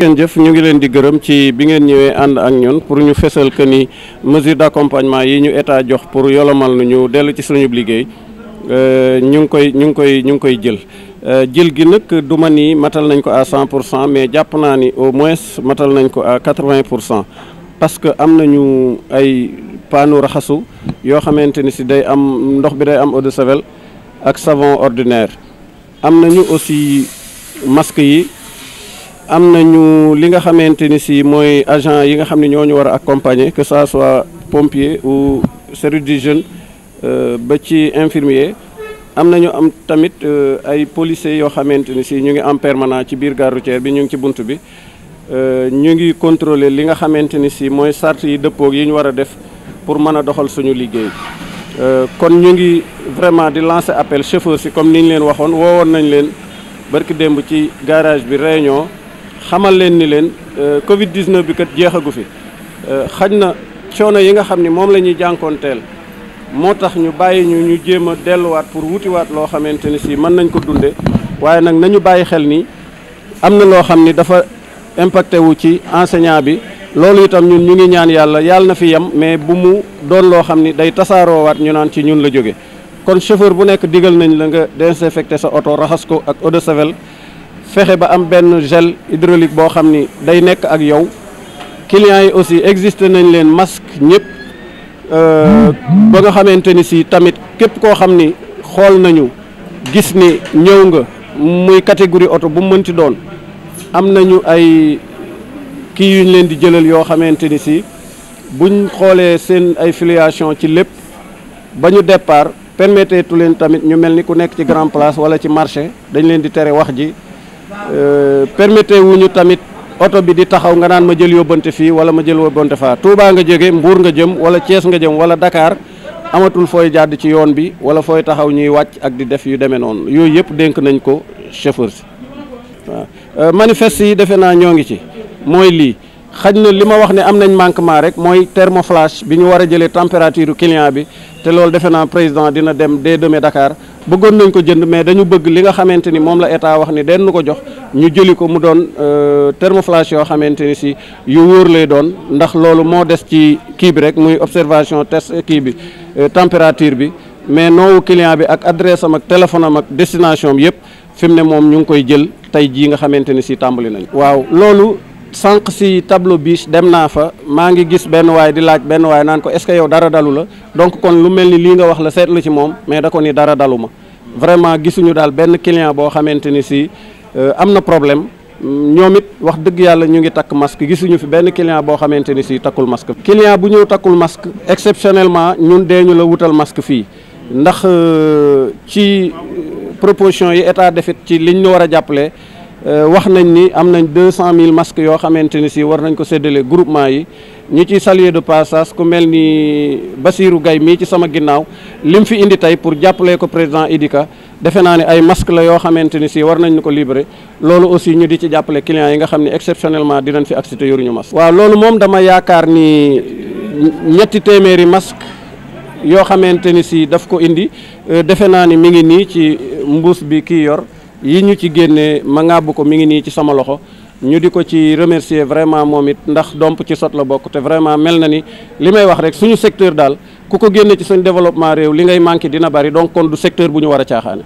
ngeen jëf ñu ngi leen di gërëm ci bi ngeen ñëwee ànd ak ñun pour ñu fesal que ni mesure d'accompagnement yi ñu état jox pour yolomal nu ñu dellu ci suñu liggéey euh, ñu ngi koy ñu ngi koy ñu ngi koy jël euh, jël gi nag du ma ni matal nañ ko à cent pour cent mais jàpp naa ni au moins matal nañ ko à quatre pour cent parce que am nañu ay paanu raxasu yoo xamante ni si day am ndox bi day am eau de javel ak savon ordinaire am nañu aussi masque yi am nañu li nga xamante ni si mooy agent yi nga xam ne ñoo ñu war a accompagner que sa soit pompier ou service du jeune euh, ba ci infirmier am nañu am tamit euh, ay policiers yoo xamante ni si ñu ngi en permanent ci biir gare bi ñu ngi ci bunt bi euh, ñu ngi contrôler li nga xamante ni si mooy sart yi dëppoog yi ñu war a def pour mën a doxal suñu liggéey kon ñu ngi vraiment di lancer appel chauffeur si comme ni ñu leen waxoon woowoon nañ leen barki démb ci garage bi réunion xamal leen ni leen euh, Covid 19 bi kat jeexagu fi euh, xaj na coono yi nga xam ni moom la ñuy jànkoonteel moo tax ñu bàyyi ñu ñu jéem a delluwaat pour wutiwaat loo xamante ni si mën nañ ko dunde waaye nag nañu bàyyi xel ni am na loo xam ni dafa impacté wu ci enseignant bi loolu itam ñun ñu ngi ñaan yàlla yàlla na fi yem mais bu mu doon loo xam ni day tasaaroo waat ñu naan ci ñun la jóge kon chauffeur bu nekk digal nañ la nga désinfecté sa oto raxas ko ak eau de fexe ba am benn gel hydraulique boo xam ni day nekk ak yow clients yi aussi existe nañ leen masque ñëpp euh, ba nga xamante ni si tamit képp koo xam ni xool nañu gis ni ñëw nga muy catégorie oto bu mu mënti doon am nañu ay kii yuñ leen di jëlal yoo xamante ni si buñ xoolee seen ay filiation ci lépp ba ñu départ permettre tu leen tamit ñu mel ni ku nekk ci grand place wala ci marché dañ leen di tere wax ji Euh, permettre wuñu tamit oto bi di taxaw nga naan ma jël yóbbante fii wala ma jël yóbbante faa Touba nga jóge Mbuur nga jëm wala Thiès nga jëm wala dakaar amatul fooy jàdd ci yoon bi wala fooy taxaw ñuy wàcc ak di def yu demee noonu yooyu yëpp dénk nañ ko chauffeur si waaw euh, manifeste yi defe naa ñoo ngi ci mooy lii xaj na li ma wax ne am nañ manquement rek mooy thermoflash bi ñu war a jëlee température client bi te loolu defe naa président dina dem dès demain dakaar bëggoon nañ ko jënd mais dañu bëgg li nga xamante ni moom la état wax ni den nu ko jox ñu jëli ko mu doon euh, thermoflash yoo xamante ni si yu wóor lay doon ndax loolu moo des ci kii bi rek muy observation test kii bi euh, température bi mais noowu client bi ak adresse am ak téléphone am ak destination am yëpp fi mu ne moom ñu ngi koy jël tey jii nga xamante ni si tàmbali nañ sànq si tableau biche dem naa fa maa ngi gis benn waaye di laaj benn waay naan ko est-ce que yow dara dalu la donc kon lu mel ni lii nga wax la seetlu ci moom mais da ko ni dara dalu ma vraiment gisuñu daal benn client boo xamante ni si euh, am na problème ñoom it wax dëgg yàlla ñu ngi takk masque gisuñu fi benn client boo xamante ni si takkul masque. client bu ñëw takkul masque exceptionnellement ñun ñu la wutal masque fii ndax euh, ci euh, proposition yi état defit ci liñ ñu war a jàppale. Euh, wax nañ ni am nañ deux cent mille masques yoo xamante ni si war nañ ko séddale groupement yi ñu ci saluer de passage ku mel nii Basirou gay mii ci sama ginnaaw lim fi indi tey pour jàppalee ko président Idika defe naa ne ay masques la yoo xamante ni si war nañ ko libéré loolu aussi ñu di ci jàppale clients yi nga xam ne exceptionnellement dinañ fi accepté yoruñu masque. waaw loolu moom dama yaakaar ni ñetti téeméeri masque yoo xamante ni si daf ko indi euh, defe naa ni mi ngi nii ci mbuus bi kii yor. yi ñu ci génnee ma ngàbb ko mi ngi nii ci sama loxo ñu di ko ci remercier vraiment moom it ndax domp ci sot la bokk te vraiment mel na ni li may wax rek suñu secteur daal ku ko génne ci suñ développement réew li ngay manqué dina bari donc kon du secteur bu ñu war a caaxaane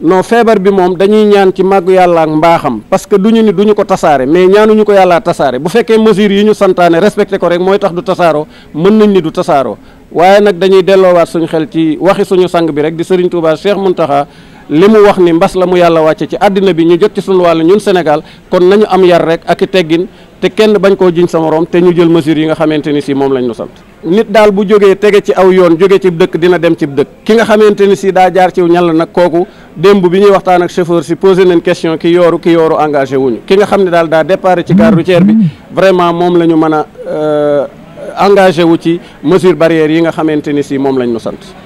non feebar bi moom dañuy ñaan ci màgg yàlla ak mbaaxam parce que du ñu ni du ñu ko tasaare mais ñaanuñu ko yàllaa tasaare bu fekkee mesures yi ñu santaane respecté ko rek mooy tax du tasaaroo mën nañ ni du tasaaroo waaye nag dañuy delloowaat suñu xel ci waxi suñu sang bi rek di Serigne Touba Cheikh Mountakha li mu wax ni mbas la mu yàlla wàcce ci àddina bi ñu jot ci suñu wàll ñun Sénégal kon nañu am yar rek ak teggin te kenn bañ koo jiñ sa morom te ñu jël mesures yi nga xamante ni si moom lañ nu sant. nit daal bu jógee tege ci aw yoon jóge ci dëkk dina dem ci dëkk ki nga xamante ni si daa jaar ci ñal nag kooku démb bi ñuy waxtaan ak chauffeur si posé nañ question ki yooru ki yooru engagé wuñu ki nga xam ne daal daa départ ci gare routière bi vraiment moom la ñu mën a. Euh, engagé wu ci mesure barrière yi nga xamante ni si moom lañ nu sant